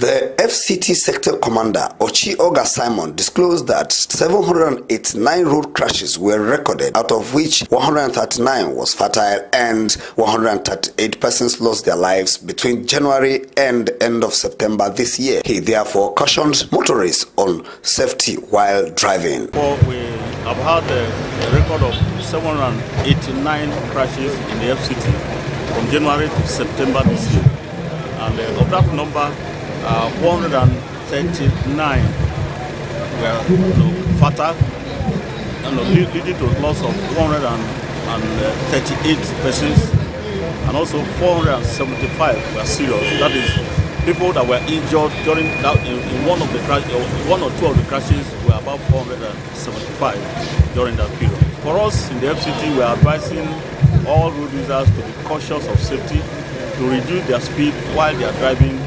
The FCT sector commander Ochi Oga Simon disclosed that 789 road crashes were recorded, out of which 139 was fatal and 138 persons lost their lives between January and end of September this year. He therefore cautioned motorists on safety while driving. Well, we have had a record of 789 crashes in the FCT from January to September this year. And uh, of that number, uh, 139 were you fatal, and know, leading to loss of 138 persons, and also 475 were serious. That is, people that were injured during that in, in one of the crash, one or two of the crashes were about 475 during that period. For us in the FCT, we are advising all road users to be cautious of safety, to reduce their speed while they are driving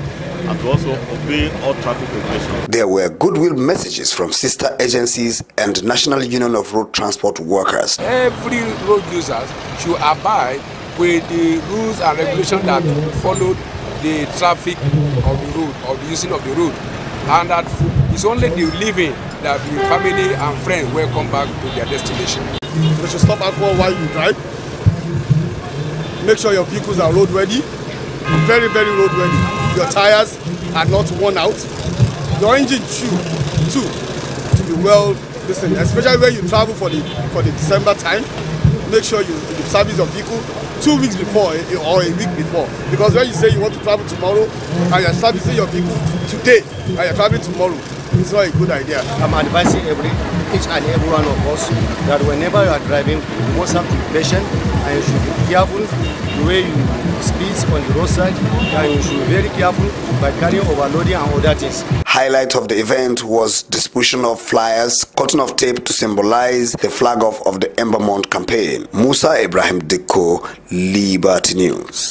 and to also obey all traffic regulations. There were goodwill messages from sister agencies and National Union of Road Transport Workers. Every road user should abide with the rules and regulations that follow the traffic of the road, or the using of the road. And that it's only the living that the family and friends will come back to their destination. You should stop alcohol while you drive. Make sure your vehicles are road ready very, very road ready. Your tires are not worn out. Your engine too, too, to be well listened, especially when you travel for the for the December time. Make sure you, you service your vehicle two weeks before eh, eh, or a week before because when you say you want to travel tomorrow and you're servicing your vehicle today and you're traveling tomorrow It's not a good idea. I'm advising every each and every one of us that whenever you are driving, you must have to be patient and you should be careful the way you speed on the roadside and you should be very careful by carrying overloading and other things. Highlight of the event was distribution of flyers, cutting of tape to symbolize the flag off of the Embermont campaign. Musa Ibrahim Deko, Liberty News.